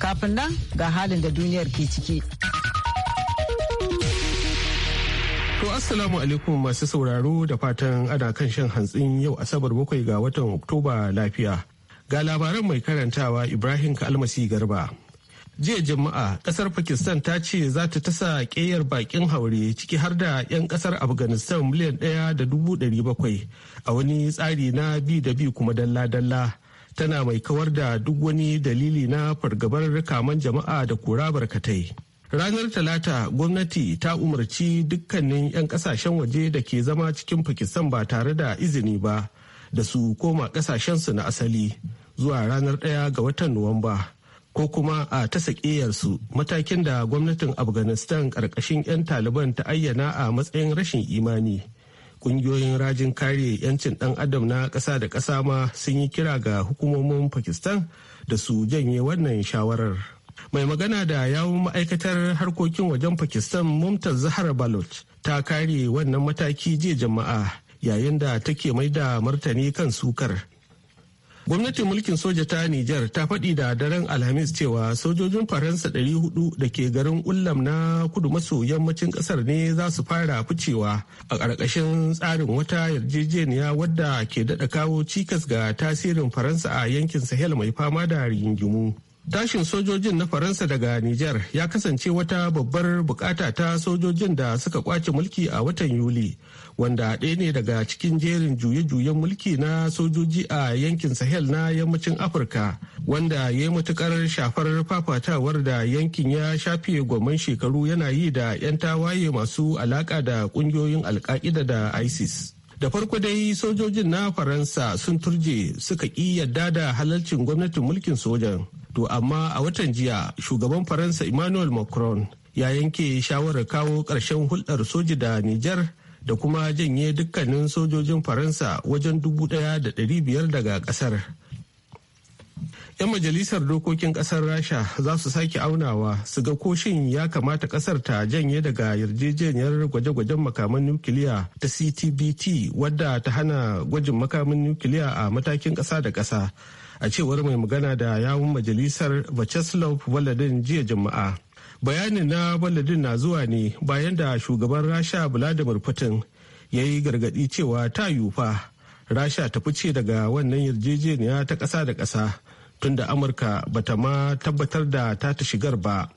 Kafin nan ga halin da duniyar ke ciki. To Assalamu alaikum masu sauraro da fatan ana kan shan hantsin yau Asabar bakwai ga watan Oktoba lafiya. Ga labaran mai karantawa Ibrahim Kalmasi Garba. Jiya Juma'a kasar Pakistan ta ce za ta tasa ƙeyar bakin haure ciki har da 'yan kasar Afghanistan miliyan ɗaya da dubu ɗari bakwai a wani tsari na bi da bi kuma dalla-dalla tana mai kawar da duk wani dalili na fargabar kaman jama'a da kura barkatai. Ranar Talata gwamnati ta umarci dukkanin 'yan kasashen waje da ke zama cikin Pakistan ba tare da izini ba da su koma kasashensu na asali zuwa ranar ɗaya ga watan Nuwamba ko kuma a ta su matakin da gwamnatin Afghanistan ƙarƙashin 'yan Taliban ta ayyana a matsayin rashin imani. kungiyoyin rajin kare 'yancin ɗan adam na ƙasa da ƙasa ma sun yi kira ga hukumomin pakistan da su janye wannan shawarar mai magana da yawun ma'aikatar harkokin wajen pakistan mumtaz zahar baloch ta kare wannan mataki jiya jama'a yayin da take mai da martani kan sukar gwamnatin mulkin soja ta niger ta faɗi da daren alhamis cewa sojojin faransa 400 da ke garin ullam na kudu maso yammacin ƙasar ne za su fara ficewa a ƙarƙashin tsarin wata yarjejeniya wadda ke daɗa kawo cikas ga tasirin faransa a yankin sahel mai fama da rigingimu tashin sojojin na faransa daga niger ya kasance wata babbar bukata ta sojojin da suka kwace mulki a watan yuli wanda ɗaya ne daga cikin jerin juye-juyen mulki na sojoji a yankin sahel na yammacin afirka wanda ya yi matukar shafar fafatawar da yankin ya shafe gwamman shekaru yana yi da 'yan tawaye masu alaka da ƙungiyoyin alka'ida da isis da farko dai sojojin na faransa sun turje suka ƙi yadda da halalcin gwamnatin mulkin sojan to amma a watan jiya shugaban faransa emmanuel macron ya yanke shawarar kawo ƙarshen hulɗar soji da niger da kuma janye dukkanin sojojin faransa wajen dubu ɗaya da ɗari biyar daga ƙasar yan majalisar dokokin ƙasar rasha za su sake aunawa su ga koshin ya kamata ƙasar ta janye daga yarjejeniyar gwaje-gwajen makaman nukiliya ta ctbt wadda ta hana gwajin makamin nukiliya a matakin ƙasa da ƙasa a cewar mai magana da yawun majalisar vacheslav waladin jiya juma'a bayanin na baladin na zuwa ne bayan da shugaban rasha vladimir putin ya yi gargadi cewa ta yufa rasha ta fice daga wannan yarjejeniya ta ƙasa da ƙasa tunda amurka ba ta ma tabbatar da ta ta shigar ba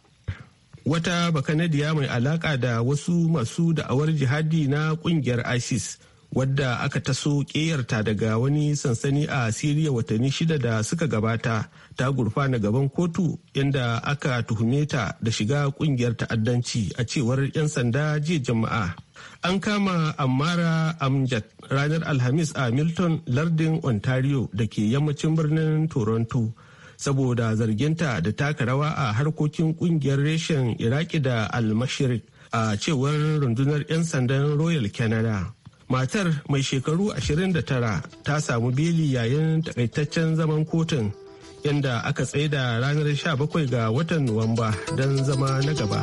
wata bakanadiya mai alaka da wasu masu da'awar jihadi na kungiyar isis wadda aka taso ƙeyarta daga wani sansani a siriya watanni shida da suka gabata ta gurfana gaban kotu inda aka tuhume ta da shiga kungiyar ta'addanci a cewar 'yan sanda jiya jama'a an kama amara amjad ranar alhamis a milton lardin ontario da ke yammacin birnin toronto saboda zarginta da taka rawa a harkokin kungiyar reshen iraki da almashirik a cewar rundunar 'yan sandan royal canada matar mai shekaru 29 ta samu beli yayin takaitaccen zaman kotun inda aka da ranar 17 ga watan nuwamba don zama na gaba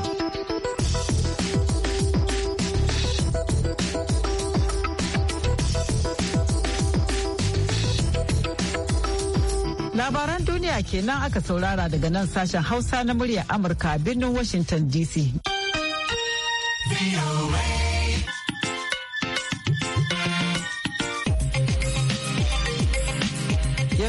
labaran duniya kenan aka saurara daga nan sashen hausa na murya amurka birnin washington dc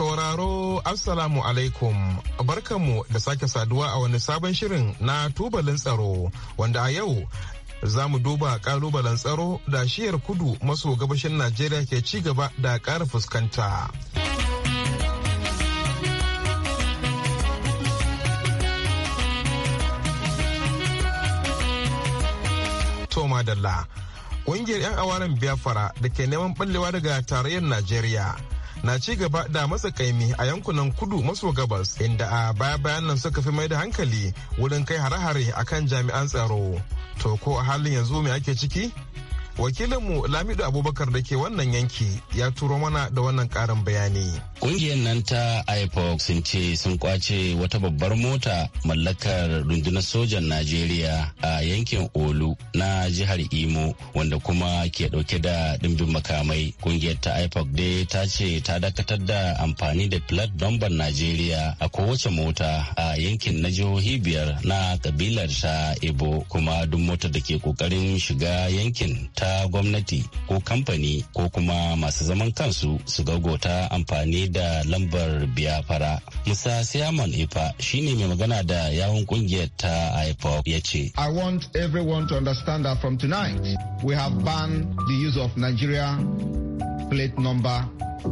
sauraro Assalamu alaikum barkanmu da sake saduwa a wani sabon shirin na tubalin tsaro wanda a yau za mu duba kalubalen tsaro da shiyar kudu maso gabashin Najeriya ke ci gaba da ƙara fuskanta. Kungiyar ƙungiyar 'yan awaren biyafara da ke neman ɓallewa daga tarayyar Najeriya. na ci gaba da matsa kaimi a yankunan kudu maso gabas inda a baya bayan nan suka fi mai da hankali wurin kai hare-hare akan jami'an tsaro to ko a halin yanzu me ake ciki wakilinmu lamido abubakar da ke wannan yanki ya turo mana da wannan karin bayani ƙungiyar nan ta ipox sun ce sun kwace wata babbar mota mallakar rundunar sojan najeriya a yankin olu na jihar imo wanda kuma ke dauke da dimbin makamai ƙungiyar ta ipox dai ta ce ta dakatar da amfani da plat number najeriya a kowace mota a yankin na jihohi biyar na kabilar ta ibo kuma duk motar da ke kokarin shiga yankin ta gwamnati ko kamfani ko kuma masu zaman kansu su gota amfani da lambar biyafara. Musa Siamon Ifa shine mai magana da yawon kungiyar ta IPOP ya ce. I want everyone to understand that from tonight we have banned the use of Nigeria plate number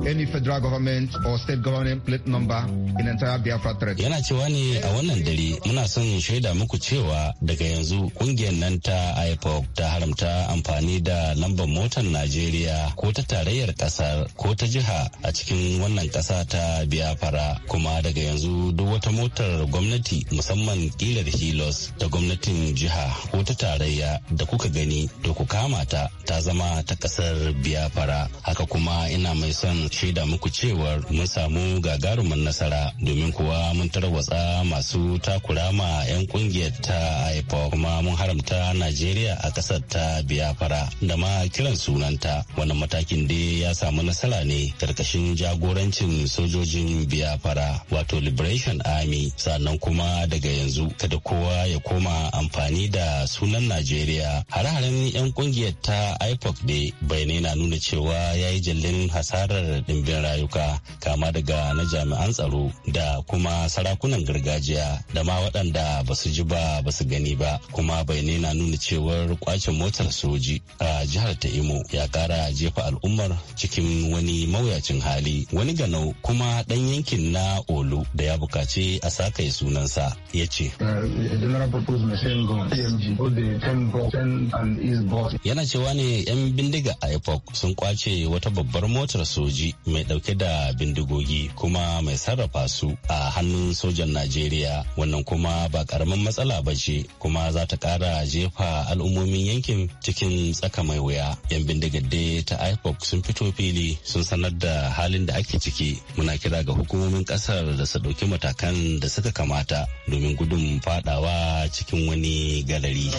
any federal government or state government plate number in entire Biafra threat. Yana cewa ne a wannan dare muna son shaida muku cewa daga yanzu kungiyar nan ta IPOC ta haramta amfani da lambar motar Najeriya ko ta tarayyar kasar ko ta jiha a cikin wannan kasa ta Biafra kuma daga yanzu duk wata motar gwamnati musamman kilar Hilos da gwamnatin jiha ko ta tarayya da kuka gani to ku kama ta ta zama ta kasar Biafra haka kuma ina mai son mu shaida muku cewar mun samu gagarumin nasara domin kuwa mun tarwatsa masu takura ma 'yan kungiyar ta kuma mun haramta najeriya a kasar ta biyafara da ma kiran sunanta wannan matakin dai ya samu nasara ne karkashin jagorancin sojojin biyafara wato liberation army sannan kuma daga yanzu kada kowa ya koma amfani da sunan najeriya hare-haren 'yan kungiyar ta ipoc dai bayanai na nuna cewa ya yi jallin hasarar ɗimbin rayuka kama daga na jami'an tsaro da kuma sarakunan gargajiya da ma waɗanda ba su ji ba ba su gani ba kuma bai nuna nuna cewar kwacin motar soji a jihar ta imo ya kara jefa al'ummar cikin wani mawuyacin hali wani ganau kuma ɗan yankin na olu da ya bukaci a saka sunansa ya ce uh, yana cewa ne 'yan bindiga ipoc sun kwace wata babbar motar soji soji mai dauke da bindigogi kuma mai sarrafa su a hannun sojan najeriya wannan kuma ba karamin matsala ba ce kuma za ta kara jefa al'ummomin yankin cikin tsaka mai wuya yan bindigadde ta ipoc sun fito fili sun sanar da halin da ake ciki muna kira ga hukumomin kasar da su dauki matakan da suka kamata domin gudun fadawa cikin wani galari.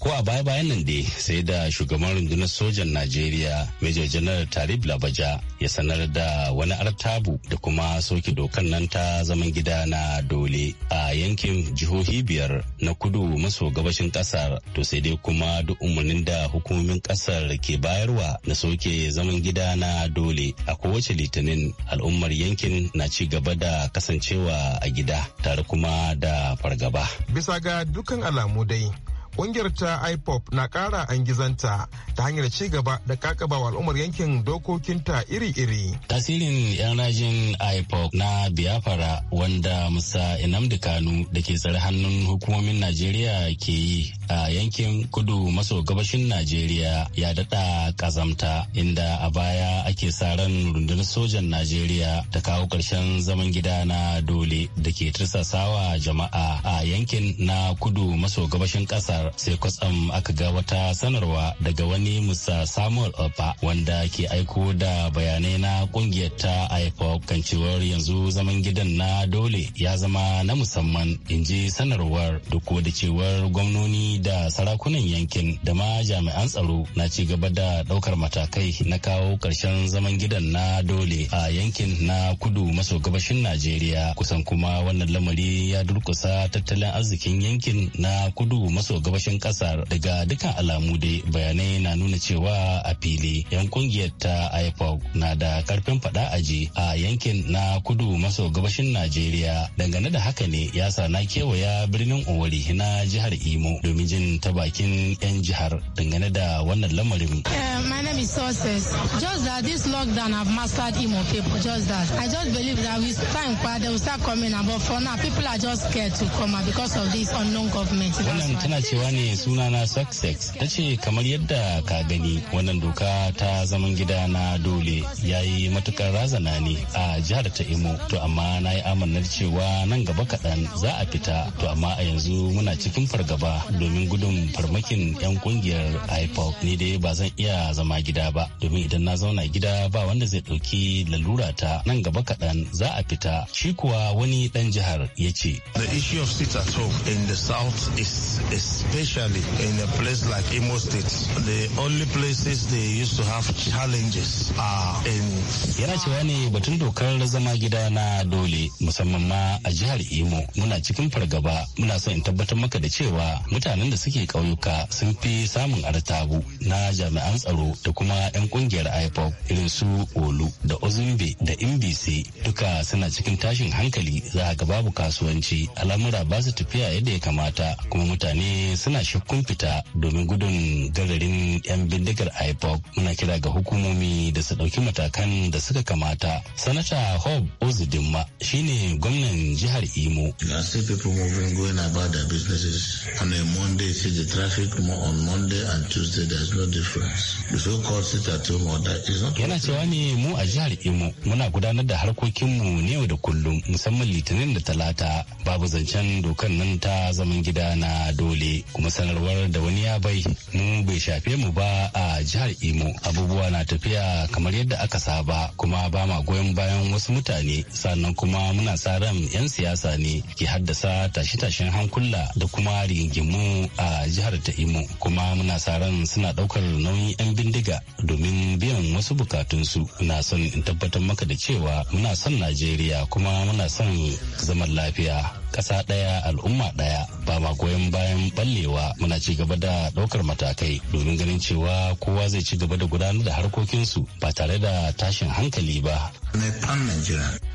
Ko a baya-bayan nan dai sai da shugaban rundunar sojan Najeriya Major General Tarib Labaja ya sanar da wani artabu da kuma soke dokan nan ta zaman gida na dole a yankin jihohi biyar na kudu maso gabashin kasar to sai dai kuma duk umarnin da hukumomin kasar ke bayarwa na soke zaman gida na dole a kowace litinin al'ummar yankin na ci gaba da kasancewa a gida tare kuma da fargaba. Bisa ga dukkan alamu dai Ƙungiyar ta IPOP na kara an gizanta ta hanyar ci gaba da kakabawa al'ummar yankin dokokinta iri-iri. Tasirin yan rajin IPOP na Biafra wanda Musa Inamdi Kanu da ke tsare hannun hukumomin Najeriya ke yi a yankin kudu maso gabashin Najeriya ya dada kazamta inda a baya ake sa ran rundunar sojan Najeriya ta kawo karshen zaman gida na dole da ke tursasawa jama'a a yankin na kudu maso gabashin ƙasar jihar sai kwatsam aka ga wata sanarwa daga wani musa samuel opa wanda ke aiko da bayanai na kungiyar ta ipop kan cewar yanzu zaman gidan na dole ya zama na musamman in ji sanarwar duk da cewar gwamnoni da sarakunan yankin da ma jami'an tsaro na ci gaba da daukar matakai na kawo karshen zaman gidan na dole a yankin na kudu maso gabashin najeriya kusan kuma wannan lamari ya durkusa tattalin arzikin yankin na kudu maso gabashin gabashin kasar daga dukkan alamu dai bayanai na nuna cewa a fili yan kungiyar ta ipoc na da karfin fada aji a yankin na kudu maso gabashin najeriya dangane da haka ne ya sa na kewaya birnin owari na jihar imo domin jin ta bakin yan jihar dangane da wannan lamarin uh, my name is sources just that this lockdown have mastered imo people just that i just believe that with time kwa they will start coming but for now people are just scared to come out because of this unknown government wannan tana cewa cewa ne suna na sex ta ce kamar yadda ka gani wannan doka ta zaman gida na dole ya yi matukar razana ne a jihar ta imo to amma na yi amannar cewa nan gaba kaɗan za a fita to amma a yanzu muna cikin fargaba domin gudun farmakin 'yan kungiyar ipop ne dai ba zan iya zama gida ba domin idan na zauna gida ba wanda zai ɗauki lalura ta nan gaba kaɗan za a fita shi kuwa wani ɗan jihar ya ce the of south especially in a place like Imo State. The only places they used to have challenges are in. Yana cewa ne batun dokar zama gida na dole musamman ma a jihar Imo muna cikin fargaba muna son in tabbatar maka da cewa mutanen da suke ƙauyuka sun fi samun artabu na jami'an tsaro da kuma 'yan ƙungiyar IPOP irin su Olu da Ozumbe da MBC duka suna cikin tashin hankali za ga babu kasuwanci al'amura ba su tafiya yadda ya kamata kuma mutane suna shakkun fita domin gudun gararin 'yan bindigar ipoc muna kira ga hukumomi da su ɗauki matakan da suka kamata sanata hob ozidimma shine gwamnan jihar imo a Monday, Yana cewa ne mu a jihar Imo muna gudanar da harkokinmu ne yau da kullum musamman litinin da talata babu zancen dokar nan ta zaman gida na dole. kuma sanarwar da wani ya bai mu bai shafe mu ba a jihar imo abubuwa na tafiya kamar yadda aka saba kuma ba ma goyon bayan wasu mutane sannan kuma muna sa ran 'yan siyasa ne ke haddasa tashe-tashen hankula da kuma rigingimu a jihar ta imo kuma muna sa ran suna daukar nauyin 'yan bindiga domin biyan wasu bukatunsu na son in tabbatar maka da cewa muna son najeriya kuma muna son zaman lafiya ƙasa ɗaya al'umma ɗaya ba ma goyon bayan ballewa muna ci gaba da ɗaukar matakai domin ganin cewa kowa zai ci gaba da gudanar da harkokinsu ba tare da tashin hankali ba.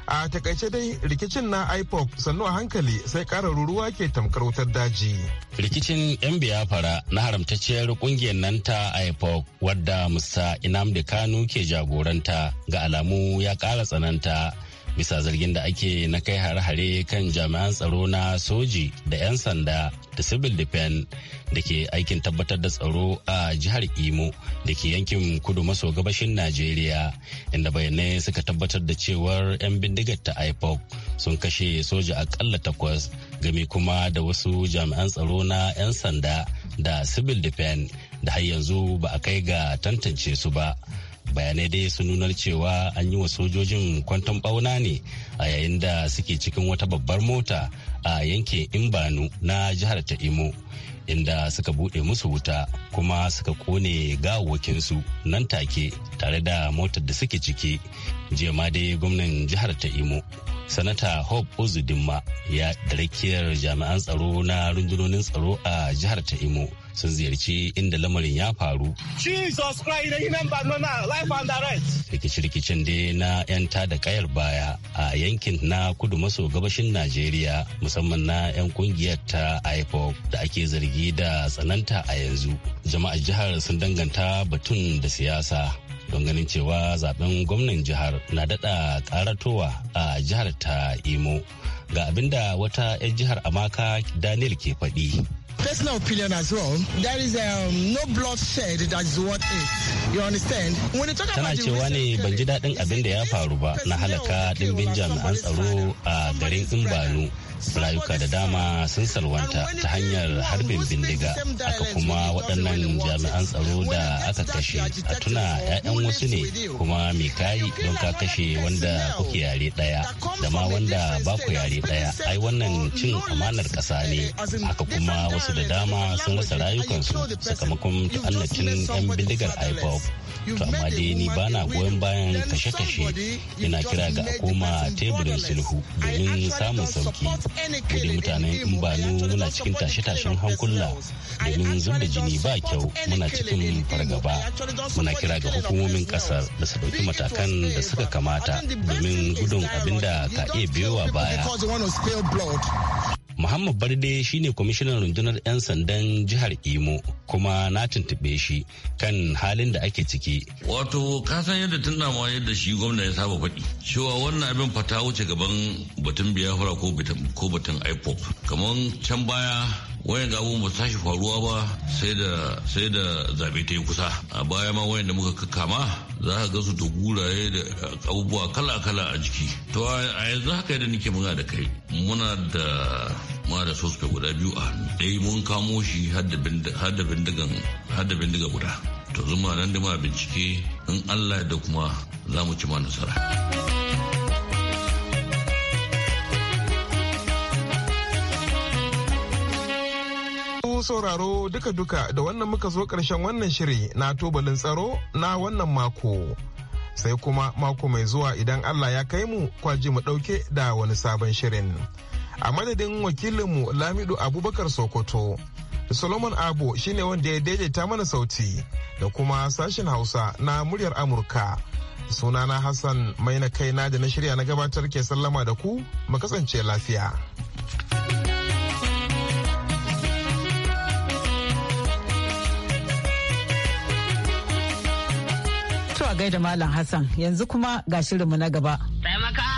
A takaice dai rikicin na IPOP sannu a hankali sai ƙara ruruwa ke tamkar wutar daji. Rikicin 'yan biyafara na haramtacciyar ƙungiyar nan ta IPOP wadda Musa Inamdi Kanu ke jagoranta ga alamu ya ƙara tsananta bisa zargin da ake na kai hare-hare kan jami'an tsaro na soji da 'yan sanda da civil defense da ke aikin tabbatar da tsaro a jihar imo da ke yankin kudu maso gabashin najeriya inda bayanai suka tabbatar da cewar 'yan bindigar ta ipoc sun kashe soja akalla takwas game kuma da wasu jami'an tsaro na 'yan sanda da civil defense da har yanzu ba a kai ga tantance su ba bayanai dai sun nuna cewa an yi wa sojojin kwanton bauna ne a yayin da suke cikin wata babbar mota a yankin imbanu na jihar ta imo inda suka buɗe musu wuta kuma suka kone su nan take tare da motar da suke ciki jiya ma dai gwamnan jihar ta imo sanata hope uzudinma ya darakiyar jami'an tsaro na rundunonin tsaro a jihar ta imo sun ziyarci inda lamarin ya faru Christ rikice-rikicen dai na 'yan da kayar baya a yankin na kudu maso gabashin najeriya musamman na 'yan kungiyar ta ipop da ake zargi da tsananta a yanzu jama'ar jihar sun danganta batun da siyasa don ganin cewa zaben gwamnan jihar na dada karatowa a jihar ta imo ga abinda wata 'yan jihar amaka daniel ke faɗi. personal opinion as well. There is um, no blood shed that is what it You understand? When you talk Tana about cewa ne ban ji daɗin abin da ya faru ba na halaka ɗimbin jami'an tsaro a garin Imbanu rayuka da dama sun salwanta ta hanyar harbin bindiga aka kuma waɗannan jami'an tsaro da aka kashe a tuna 'ya'yan wasu ne kuma mai kayi don ka kashe wanda kuke yare ɗaya da ma wanda ba ku yare ɗaya ai wannan cin amanar ƙasa ne aka kuma wasu da dama sun rasa rayukansu sakamakon ta'annacin 'yan bindigar ipop to amma dai ni ba goyon bayan kashe-kashe yana kira ga a koma teburin sulhu domin samun sauki da mutanen imbanu muna cikin tashe-tashen hankula domin zub da jini ba kyau muna cikin fargaba muna kira ga hukumomin kasar da su ɗauki matakan da suka kamata domin gudun abin da ka iya biyowa baya Muhammad Barde shine kwamishinan rundunar 'yan sandan jihar Imo kuma na tuntuɓe shi kan halin da ake ciki. Wato kasan yadda tun ma yadda shi gwamna ya saba faɗi. Cewa wannan abin fata wuce gaban batun biyafura ko batun IPOP. Kamar can baya wayan abubuwan ba su tashi faruwa ba sai da zaɓe da ta yi kusa a baya ma wayan da muka kama za ka ga su da guraye da abubuwa kala-kala a jiki to a yanzu haka yadda nake muna da kai muna da ma da guda biyu a hannu ɗaya mun kamo shi har da bindiga guda to zuma nan da ma bincike in allah da kuma za mu ci ma nasara. Ku sauraro duka-duka da wannan muka zo karshen wannan shiri na tubalin tsaro na wannan mako. Sai kuma mako mai zuwa idan Allah ya kai mu kwaji mu ɗauke da wani sabon shirin. A madadin wakilinmu Lamidu Abubakar Sokoto. Solomon Abo shine wanda ya daidaita mana sauti da kuma sashen Hausa na muryar Amurka. Sunana Hassan mai na kaina da na shirya na gabatar ke sallama da ku, mu kasance lafiya. gaida Malam Hassan yanzu kuma ga shirinmu na gaba. Taimaka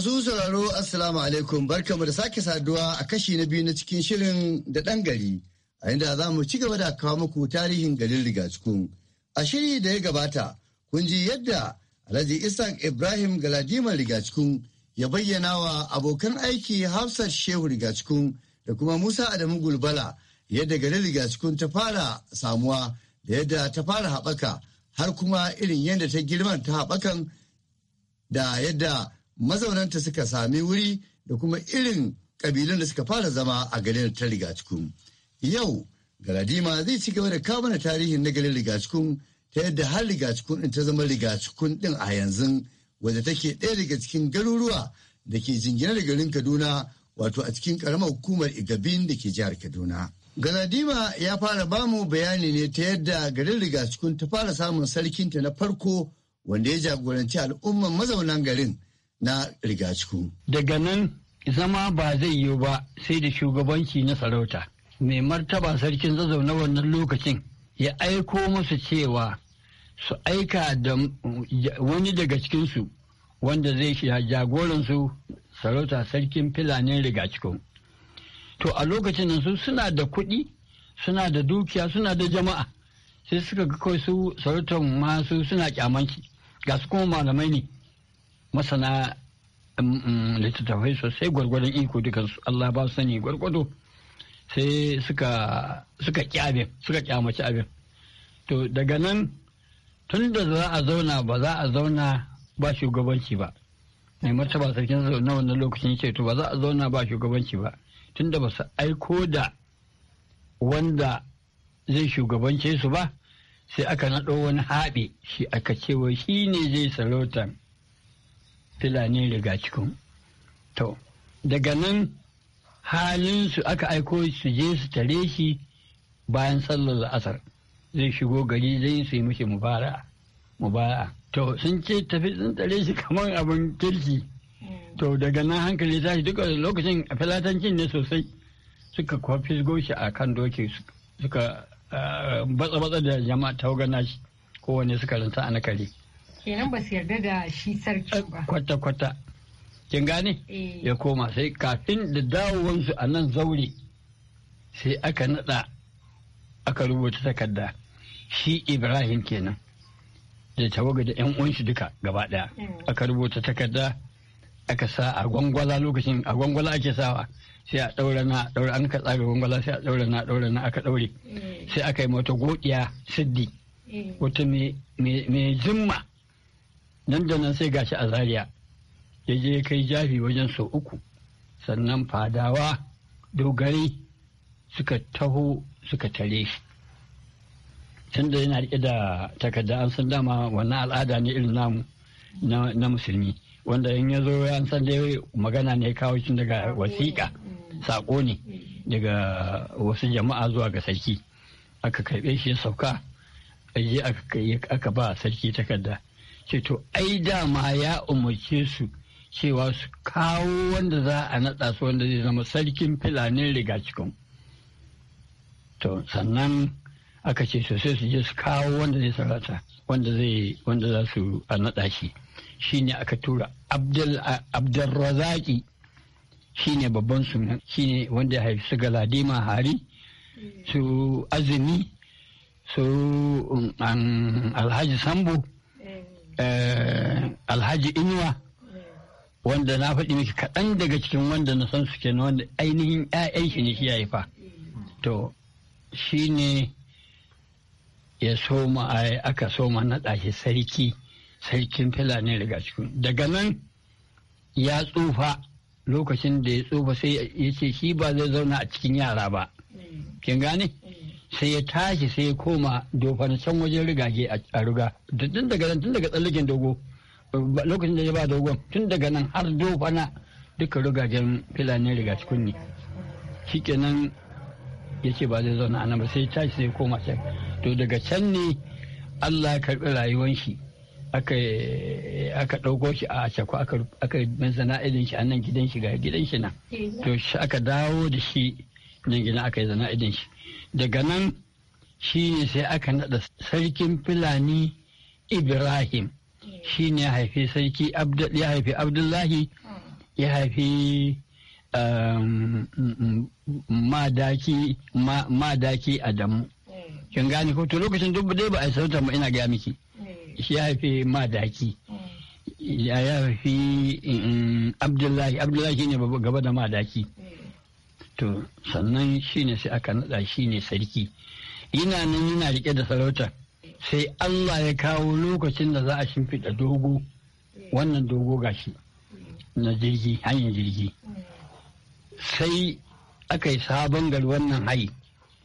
Masu sauraro Assalamu alaikum barkamu da sake saduwa a kashi na biyu na cikin shirin da ɗan gari a inda za mu ci gaba da kawo muku tarihin garin Rigacikun. A shiri da ya gabata kun ji yadda Alhaji isan Ibrahim Galadima Rigacikun ya bayyana wa abokan aiki Hafsat Shehu Rigacikun da kuma Musa Adamu Gulbala yadda garin Rigacikun ta fara samuwa da yadda ta fara haɓaka har kuma irin yadda ta girman ta haɓakan da yadda mazaunanta suka sami wuri da kuma irin ƙabilun da suka fara zama a garin ta rigacikun yau galadima zai ci gaba da kamana tarihin na garin rigacikun ta yadda har rigacikun din ta zama rigacikun din a yanzu wadda take ɗaya daga cikin garuruwa da ke jingina da garin kaduna wato a cikin karamar hukumar igabin da ke jihar kaduna galadima ya fara bamu bayani ne ta yadda garin rigacikun ta fara samun sarkinta na farko wanda ya jagoranci al'umman mazaunan garin na rigaciku. Daga nan zama ba zai yiwu ba sai da shugabanci na sarauta. Mai martaba sarkin zazzau na wannan lokacin ya aiko masu cewa su aika da wani daga cikinsu wanda zai jagoransu sarauta sarkin filanin rigaciku. To a lokacin nan su suna da kuɗi, suna da dukiya, suna da jama'a. Sai suka ga kawai su sarautar masu suna kyamanci. Ga su kuma malamai ne. masana um, um, littattafai sosai gwargwadon iko duka Allah ba su sani gwargwado sai suka kyabe suka kyamaci abin to daga nan tun da za a zauna ba za a zauna ba shugabanci ba mai martaba sarkin na wannan lokacin ce to ba za a zauna ba shugabanci ba tun da ba su aiko da wanda zai shugabance su ba sai aka naɗo wani haɓe shi aka cewa shi ne zai sarautan Fulani riga cikin. To, daga nan halinsu aka aiko su je su tare shi bayan sallar la'asar zai shigo gari zai su yi mishi mubara'a. mubara'a. To, sun ce tafi sun tare shi kamar abin kirki. To, daga nan hankali shi duka lokacin a filatancin ne sosai suka kwafi shi a kan doki suka eh, batsa-batsa da jama'a ta shi kowane suka ranta a na kare. kenan ba su yarda da shi sarki ba kwata-kwata eh, kin gane eh. ya koma sai kafin da dawowansu a nan zaure sai aka nada aka rubuta takarda shi ibrahim kenan da tawaga da yan duka gaba daya mm. aka rubuta takarda aka sa a gwangwala lokacin a gwangwala ake sawa sai a daura na daura an ka tsaga gwangwala sai a daura na daura na aka daure mm. sai aka yi mata godiya siddi mm. wata mai jimma nan da nan sai gashi a Zariya ya je kai jafi wajen sau uku sannan fadawa dogari suka taho suka tare shi tunda yana rike da takarda an san dama wannan al'ada ne irin namu na musulmi wanda in ya zo an san dai magana ne kawo shi daga wasiƙa saƙo ne daga wasu jama'a zuwa ga sarki aka karɓe shi ya sauka aje aka ba sarki takarda ce to ai dama ya umarce su cewa su kawo wanda za a naɗa su wanda zai zama sarkin filanin cikin to sannan aka ce sosai su je su kawo wanda zai sarata wanda zai wanda za su a naɗa shi shine aka tura Shi shine babban sunan shine wanda ya haifi su galadima hari su azumi su um, alhaji sambo Eh, alhaji inuwa wanda na faɗi miki kaɗan daga cikin wanda na san su na wanda ainihin 'ya'yan shi ne shi ya haifa to shi ne ya soma a aka soma na ɗashi sarki sarkin fulani daga cikin daga nan ya tsufa lokacin da ya tsufa sai ya ce shi ba zai zauna a cikin yara ba kin gane sai ya tashi sai ya koma dofan can wajen rigage a ruga tun daga nan tun daga tsallaken dogo lokacin da ya ba dogon tun daga nan har dofana duka rugagen filanin riga cikin ne shikenan ya ce ba zai zauna a nan ba sai ya tashi sai ya koma can to daga can ne allah karɓi rayuwan shi aka ɗauko shi a cakwa aka min idin shi a nan gidan shi ga gidan shi nan to shi aka dawo da shi nan gina aka yi idin shi daga nan shi ne sai aka naɗa sarkin fulani ibrahim shi ne ya haifi sarki ya haifi abdullahi ya haifi um, mm, mm, madaki adamu kin gane ko to lokacin duk dai ba a sauta ma ina ga miki shi ya haifi madaki ya haifi mm, abdullahi abdullahi ne gaba da madaki to sannan shi ne sai aka naɗa ne sarki yana nan yana rike da sarauta sai Allah ya kawo lokacin da za a shimfiɗa dogo wannan dogo gashi na jirgi hanyar jirgi sai aka yi sabon gari wannan hayi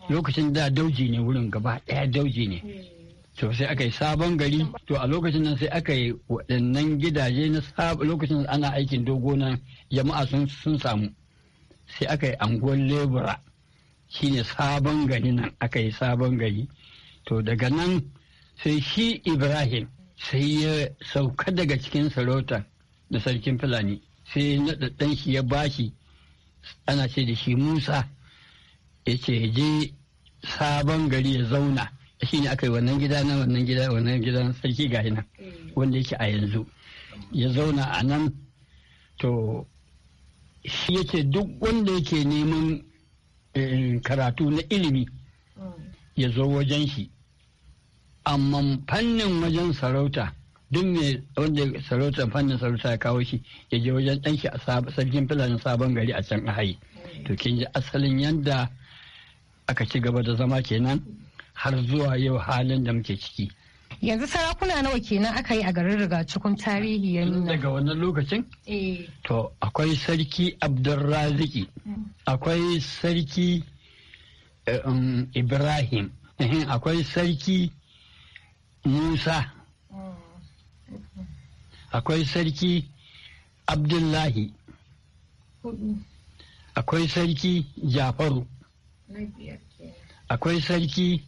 lokacin da dauji ne wurin gaba ɗaya dauji ne to sai aka yi sabon gari to a lokacin nan sai aka yi waɗannan gidaje na lokacin ana aikin dogo nan jama'a sun samu sai aka yi anguwar lebura shine sabon gari nan aka yi sabon gari to daga nan sai shi ibrahim sai ya sauka daga cikin sarauta da sarkin fulani sai naɗaɗɗen shi ya bashi ana ce da shi musa ya ce je sabon gari ya zauna shi ne aka yi wannan gida na wannan gida wannan na sarki Gaina nan eh. wanda yake a yanzu ya zauna a nan to shi yake duk wanda yake neman eh, karatu na ilimi ya zo wajen shi amma fannin wajen sarauta duk mai wanda sarauta fannin sarauta ya kawo shi ya je wajen ɗan shi a sarkin filanin sabon gari a can ahayi to kin ji asalin yadda aka ci gaba da zama kenan har zuwa yau halin da muke ciki yanzu sarakuna nawa kenan aka yi a garin rigacikun tarihi ya nuna daga wannan lokacin eh. to akwai sarki abdulraziki akwai sarki eh, um, ibrahim akwai sarki musa akwai sarki abdullahi akwai sarki jafaru akwai sarki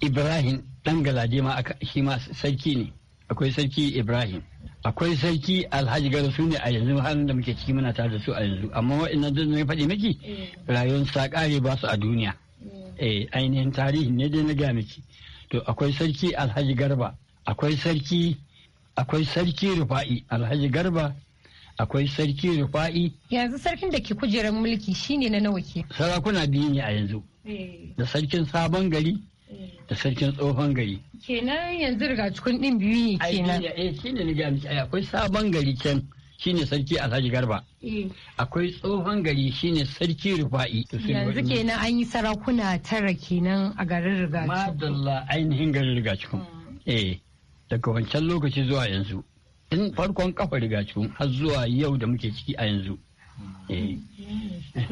ibrahim ɗan galaje ma shi ma sarki ne akwai sarki ibrahim akwai sarki alhaji garo su ne a yanzu har da muke ciki muna tare da su a yanzu amma wa'annan da na faɗi miki mm. rayuwar sa ƙare ba su a duniya mm. eh ainihin tarihi ne dai na ga miki to akwai sarki alhaji garba akwai sarki akwai sarki rufa'i alhaji garba akwai sarki rufa'i yanzu sarkin da ke kujerar mulki shine na nawa ke sarakuna biyu ne a yanzu eh. da sarkin sabon gari da sarkin tsohon gari. Kenan yanzu riga cikin ɗin biyu ne kenan. Ai eh, shi ne na miki ai akwai sabon gari can ne sarki Alhaji Garba. Eh. Akwai tsohon gari shi ne sarki Rufa'i. Yanzu kenan an yi sarakuna tara kenan a garin riga cikin. Madalla ainihin garin riga cikin. Mm. Eh daga wancan lokaci zuwa yanzu. Tun farkon kafa riga cikin har zuwa yau da muke ciki a yanzu. Mm. Eh.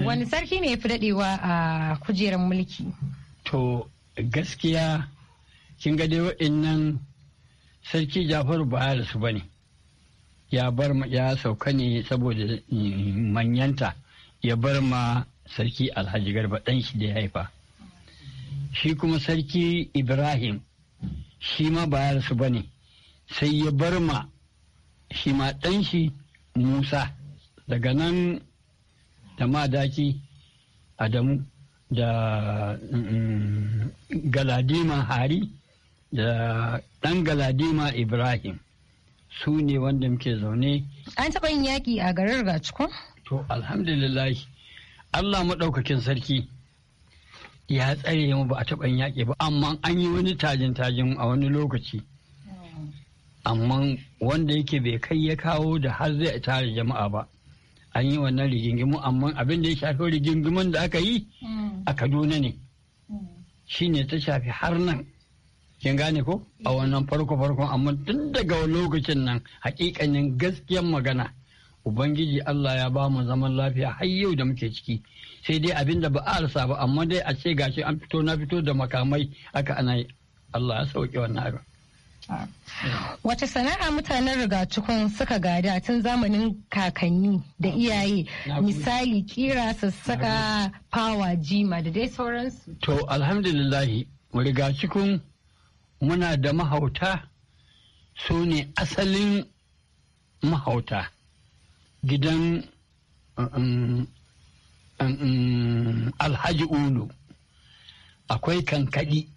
Wani sarki ne ya fi daɗewa a kujerar mulki? To gaskiya kin ga dai wa'annan sarki jafaru ba su ba ne ya bar ya sauka ne saboda mm, manyanta ya bar ma sarki alhaji garba ɗan shi da ya haifa shi kuma sarki ibrahim shi ma ba su ba ne sai ya bar ma shi ma ɗan shi musa daga nan da madaki adamu da mm, galadima hari da ɗan galadima ibrahim su ne wanda muke zaune an taɓa yin yaƙi a garin gacikon? to alhamdulillah allah maɗaukakin sarki ya tsare mu ba a taɓa yin yaƙi ba amma an yi wani tajin tajin a wani lokaci amma wanda yake bai kai ya kawo da har zai tare jama'a ba an yi wannan rigingimu amma abin da ya shafi rigingimun da aka yi mm. a kaduna ne shi ne ta shafi har nan kin gane ko a wannan farko farkon amma tun daga lokacin nan hakikanin gaskiyan magana ubangiji Allah ya ba mu zaman lafiya har yau da muke ciki sai dai abin da ba a rasa ba amma dai a ce gashi an fito na fito da makamai aka ana yi Allah ya sauke wannan abin Wace sana'a mutanen rigacikun suka gada tun zamanin kakanni da iyaye misali kira sassaka fawa jima da dai sauransu. To alhamdulillahi rigacikun muna da mahauta su ne asalin mahauta gidan um, um, um, alhaji ulu akwai kankadi.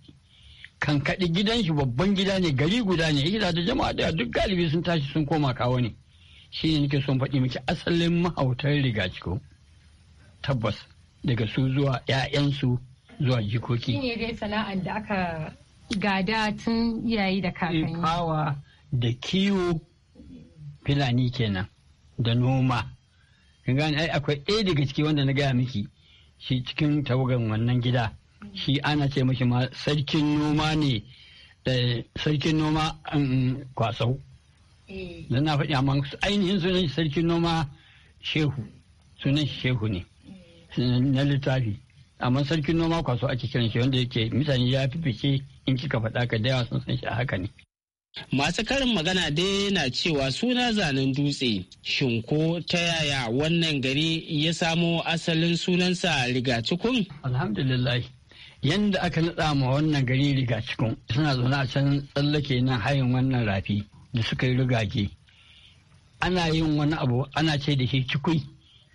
kan kaɗi gidan shi babban gida ne gari guda ne gida da jama'a da duk galibi sun tashi sun koma kawo ne shi ne nake son faɗi miki asalin mahautar riga ciko tabbas daga su zuwa 'ya'yansu zuwa jikoki shi ne dai sana'ar da aka gada tun yayi da kakanni eh, fawa da kiwo filani kenan da noma kin gane ai akwai ɗaya daga ciki wanda na gaya miki shi cikin tawagan wannan gida shi ana ce mashi ma sarkin noma ne da sarkin noma um, kwasau eh. da na faɗi amma ainihin sunan sarkin noma shehu sunan shehu ne eh. na littafi amma sarkin noma kwaso ake kiran shi wanda yake mutane ya fi fice in kika faɗa ka da yawa sun san shi a haka ne Masu karin magana dai na cewa suna zanen dutse, shinko ta yaya wannan gari ya samo asalin sunansa rigatukun? Alhamdulillah, yanda aka nada ma wannan gari riga cikin suna zaune a can tsallake na hayin wannan rafi da suka yi rigage ana yin wani abu ana ce da shi cikui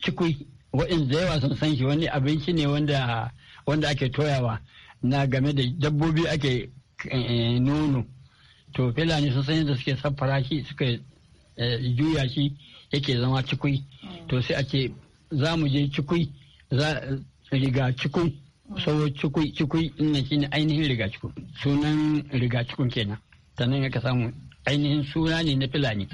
cikui waɗanda yawa sun san shi wani abinci ne wanda wanda ake toyawa na game da dabbobi ake eh, nono to filani sun san yadda suke saffara shi suka eh, juya shi yake zama cikui to sai a ce za mu je cikui riga cikui sauro cikui cikui ina ne ainihin rigacikun sunan rigacikun kenan ta nan ka samu ainihin suna ne na filani.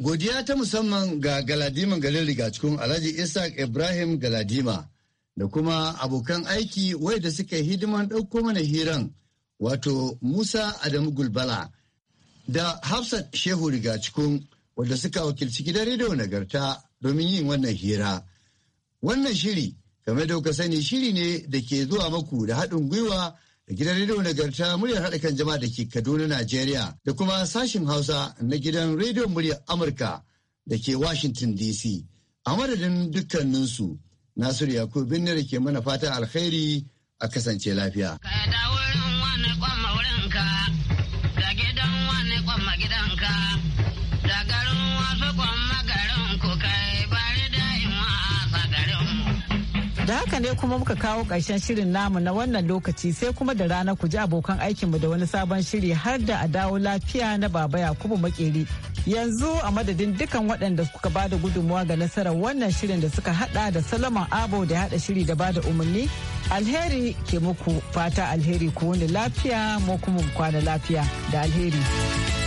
Godiya ta musamman ga Galadima garin rigacikun Alhaji Isaac Ibrahim Galadima da kuma abokan aiki wai da suka hidiman ɗauko mana hiran wato Musa Adamu Gulbala da Hafsat Shehu rigacikun wadda suka wakilci gidan rediyo nagarta domin yin wannan hira. Wannan shiri, game da kuka sani shiri ne da ke zuwa maku da haɗin gwiwa da gidan rediyo nagarta muryar haɗa kan jama'a da ke Kaduna, Najeriya da kuma sashin Hausa na gidan rediyo muryar Amurka da ke Washington DC. A madadin dukkaninsu, Nasiru Yakubu Binne da ke mana fatan alkhairi a kasance lafiya. Da haka ne kuma muka kawo karshen shirin namu na wannan lokaci sai kuma da rana ku ji abokan aikinmu da wani sabon shiri har da a dawo lafiya na baba Yakubu Makeri. Yanzu a madadin dukan waɗanda suka ba da gudunmuwa ga nasarar wannan shirin da suka hada da Salomon Abo da hada shiri da ba da umarni. Alheri ke muku fata alheri ku wani lafiya mu kuma kwana lafiya da alheri.